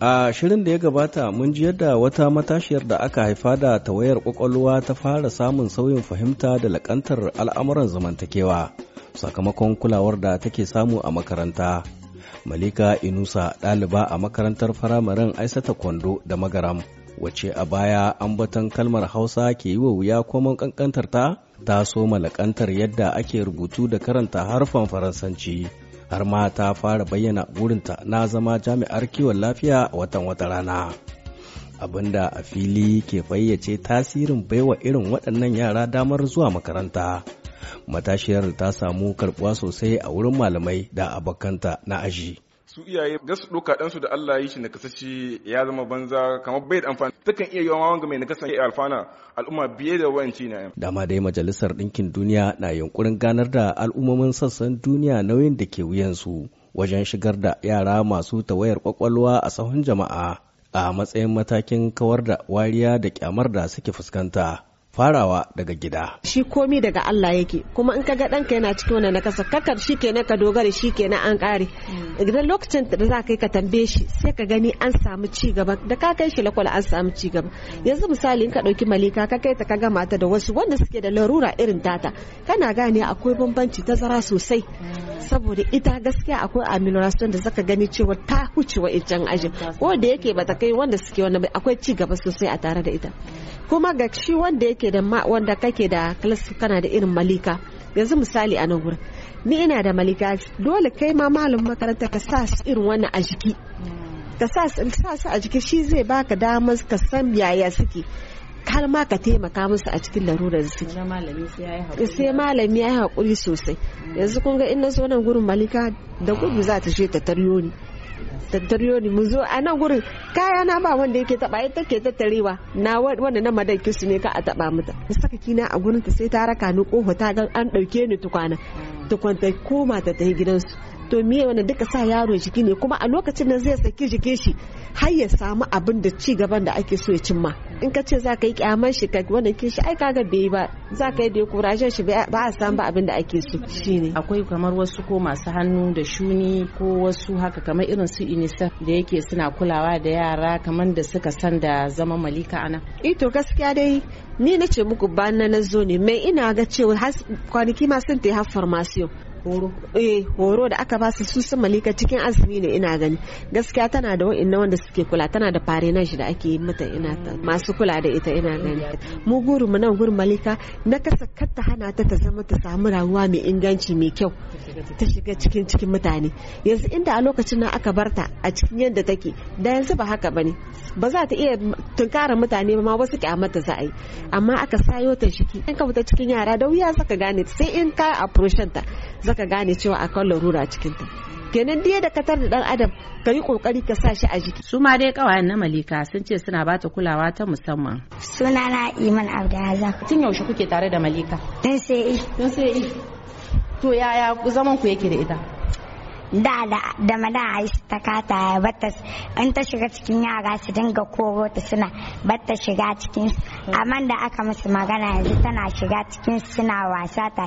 A shirin da ya gabata mun ji yadda wata matashiyar da aka haifa da tawayar kwakwalwa ta fara samun sauyin fahimta da lakantar al'amuran zamantakewa sakamakon kulawar da take samu a makaranta. Malika Inusa ɗaliba a makarantar firamaren Aisata Kwando da Magaram, wace a baya an batan kalmar Hausa ke yi wa wuya komon kankantar ta, ta so malakantar yadda ake rubutu da karanta harfan Faransanci. har ma ta fara bayyana burinta na zama jami'ar kiwon lafiya watan wata rana abinda a fili ke fayyace tasirin baiwa irin waɗannan yara damar zuwa makaranta matashiyar ta samu karɓuwa sosai a wurin malamai da abokanta na aji su iyaye da su ɗauka ɗansu da Allah yi shi na kasashe ya zama banza kamar bai da amfani takan iya yawan wanga mai nakasa ya alfana al'umma biye da wayanci na dama dai majalisar ɗinkin duniya na yunkurin ganar da al'ummomin sassan duniya nauyin da ke wuyansu wajen shigar da yara masu tawayar kwakwalwa a sahun jama'a a matsayin matakin kawar da wariya da kyamar da suke fuskanta. farawa daga gida. Shi komi daga Allah yake kuma in kaga ɗanka yana cikin wani nakasa kakar shi kenan ka dogara shi na an ƙare. Idan lokacin da za kai ka tambaye shi sai ka gani an samu ci gaba da ka kai shi lakwal an samu ci gaba. Yanzu misali in ka ɗauki malika ka kai ta ka gama ta da wasu wanda suke da larura irin tata kana gane akwai bambanci tazara sosai. saboda ita gaskiya akwai aminoration da zaka gani cewa ta huce wa ajin ko da yake bata kai wanda suke wani akwai ci gaba sosai a tare da ita kuma ga shi wanda yake da wanda kake da class kana da irin malika yanzu misali a nan ni ina da malika dole kai ma malamin makaranta ka sa su irin wannan a jiki ka sa su a jiki shi zai baka damar ka san yaya suke har ma ka taimaka musu a cikin larurar su eh, sai malami ya yi haƙuri sosai yanzu kun ga in na zo nan gurin malika da gudu za ta je ta taryo ni tattariyo ne mu zo a nan gurin kaya na ba wanda yake taba ita take tattarewa na wanda na madan kisu ne ka a taba mata da saka kina a gurin ta sai ta raka ni kofa ta gan an dauke ni tukwana tukwanta koma ta tafi gidansu to me wanda duka sa yaro jiki ne kuma a lokacin da zai saki jikin shi har ya samu abin da ci gaban da ake so ya cimma in ka ce zaka yi kyamar shi ka ke kishi ai kaga bai ba zaka yi da kurajen shi ba a san ba abin da ake so shine akwai kamar wasu ko masu hannu da shuni ko wasu haka kamar irin su inista da yake suna kulawa da yara kamar da suka san da zama malika ana eh to gaskiya dai ni nace muku ba na zo ne mai ina ga cewa kwanaki ma sun ta yi har farmasiyo Eh, horo da aka basu su sun malika cikin azumi ne ina gani gaskiya tana da wa'annan wanda suke kula tana da shi da ake yi mata ina ta masu kula da ita ina gani mu guru mu nan gurin malika na kasa katta hana ta ta zama ta samu rayuwa mai inganci mai kyau ta shiga cikin cikin mutane yanzu inda a lokacin na aka barta a cikin yadda take da yanzu ba haka bane ba za ta iya tunkara mutane ba ma wasu kyamata za a yi amma aka sayo ta shiki in ka fita cikin yara da wuya saka gane sai in ka approach ta ka gane cewa akwai larura a cikinta kenan dai da katar da dan adam ka yi kokari ka sa shi a jiki su ma dai kawayen na malika sun ce suna ba ta kulawa ta musamman suna na iman abdulrazak tun yaushe kuke tare da malika tun sai tun sai to yaya zaman ku yake da ita da da mana a yi ta kata bata in ta shiga cikin yara su dinga koro ta suna bata shiga cikin su amma da aka musu magana yanzu tana shiga cikin su suna wasa ta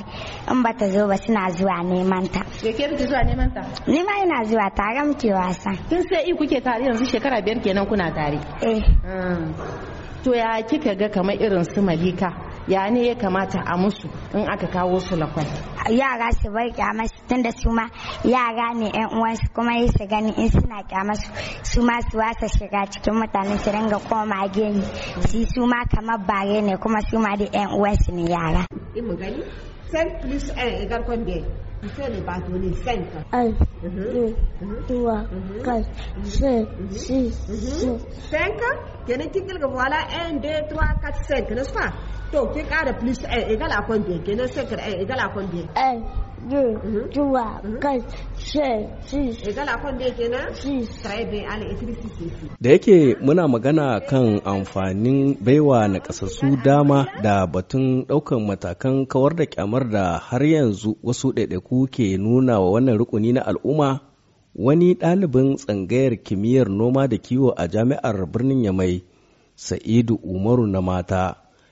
in bata zo ba suna zuwa neman ta da ke zuwa neman ta ni ma ina zuwa tare muke wasa kin sai i kuke tare yanzu shekara biyar kenan kuna tare eh ah. to ya kika ga kamar irin su malika ya ne ya kamata a musu in aka kawo su lakwal yara su bar kyamasu tun da su ma yara ne yan uwansu kuma yi su gani in suna kyamasu su ma su wasa shiga cikin mutane su ringa koma gini su su ma kamar bare ne kuma su ma da yan uwansu ne yara mu gani plus 1 égale combien Você lhe 5. cinco. Um, dois, três, quatro, cinco, cinco. Cinco? Tiene que voilà, un, deux, trois, quatre, cinq, nest to ke kara plus a egal akon biyan kenan sai kar a egal eh, eh, akon biyan a eh, mhm. juwa mhm. shi egal akon biyan kenan shi da ala da yake muna magana kan amfanin baiwa na kasassu dama da batun daukan matakan kawar da kyamar da har yanzu wasu ɗaiɗaiku ke nuna wa wannan rukuni na al'umma wani ɗalibin tsangayar kimiyyar noma da kiwo a jami'ar birnin yamai sa'idu umaru na mata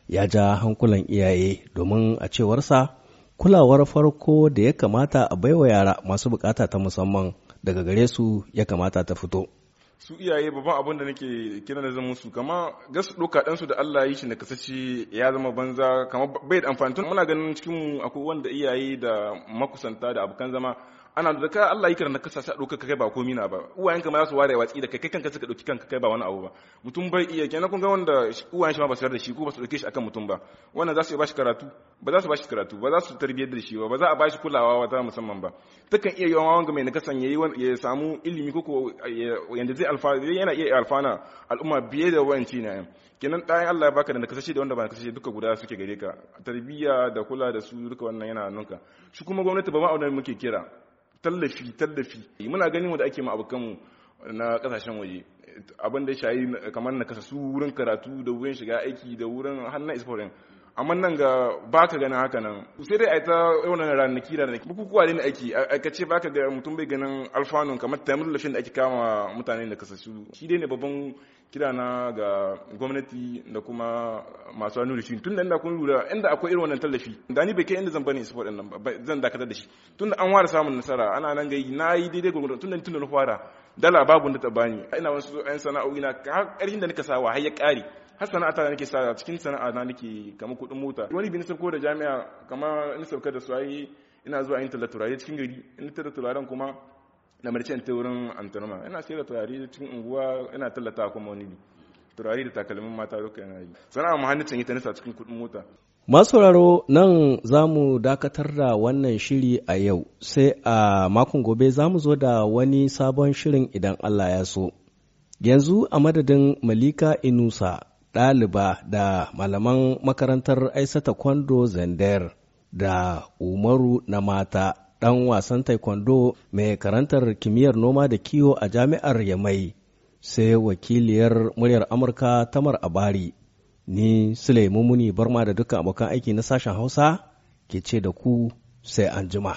ya ja hankulan iyaye domin a cewarsa kulawar farko da ya kamata a baiwa yara masu bukata ta musamman daga gare su ya kamata ta fito. su iyaye babban abin da nake kira da zama su kama gas ɗauka ɗansu da Allah ya yi shi na kasashe ya zama banza kama bai da amfani tun muna ganin cikin akwai wanda iyaye da makusanta da abokan zama ana da ka Allah yi karanta kasa sa ka kai ba komi na ba uwayen ka ma za su ware watsi da kai kai kanka suka dauki kanka kai ba wani abu ba mutum bai iya kenan kun ga wanda uwayen shi ma ba su yarda shi ko ba su dauke shi akan mutum ba wannan za su ba shi karatu ba za su ba shi karatu ba za su tarbiyyar da shi ba ba za a ba shi kulawa ta musamman ba takan iya yawan wanga mai nakasan yayi ya samu ilimi ko yanda zai alfana yana iya alfana al'umma biye da wayanci na kenan ɗayan Allah ya baka da nakasashe da wanda ba nakasashe duka guda suke gare ka tarbiyya da kula da su duka wannan yana hannunka shi kuma gwamnati ba ma'aunar muke kira tallafi tallafi eh, muna ganin wanda ake ma abokanmu na kasashen waje abinda da shayi kamar na kasasu wurin karatu da wurin shiga aiki da wurin hannun isforin amma nan ga ba ka ganin haka nan sai dai a ta wannan ranaki ranaki bukukuwa ne ake ba ka ga mutum bai ganin alfanun kamar tamil lafin da ake kama mutane da kasasu shi dai ne babban kira na ga gwamnati da kuma masu hannu da shi da inda kun lura inda akwai irin wannan tallafi da ni bai kai inda zan bane su faɗin nan zan dakatar da shi da an ware samun nasara ana nan gai na yi daidai da tun da na fara dala babu da ta bani ina wasu 'yan sana'o'i na har ƙarfin da nika sawa har ya ƙare har sana'a ta nake sa cikin sana'a na nake kamar kuɗin mota wani bi nisabko da jami'a kamar in sauka da su ayi ina zuwa yin talla turare cikin gari in talla turaren kuma na marcin ta wurin antanuma. ina sayar da turare cikin unguwa ina tallata kuma wani bi turare da takalmin mata duka yana yi sana'a muhannicin ita nisa cikin kuɗin mota Masu sauraro nan za mu dakatar da wannan shiri a yau, sai a makon gobe za mu zo da wani sabon shirin idan Allah ya so. Yanzu a madadin Malika Inusa ɗaliba da malaman makarantar Aisata Kwando Zender da Umaru na mata ɗan wasan taekwondo mai karantar kimiyyar noma da kiwo a jami'ar Yamai sai wakiliyar muryar Amurka Tamar Abari. Ni Sulaimu Muni Barma da dukkan abokan aiki na sashen Hausa ke ce da ku sai an jima.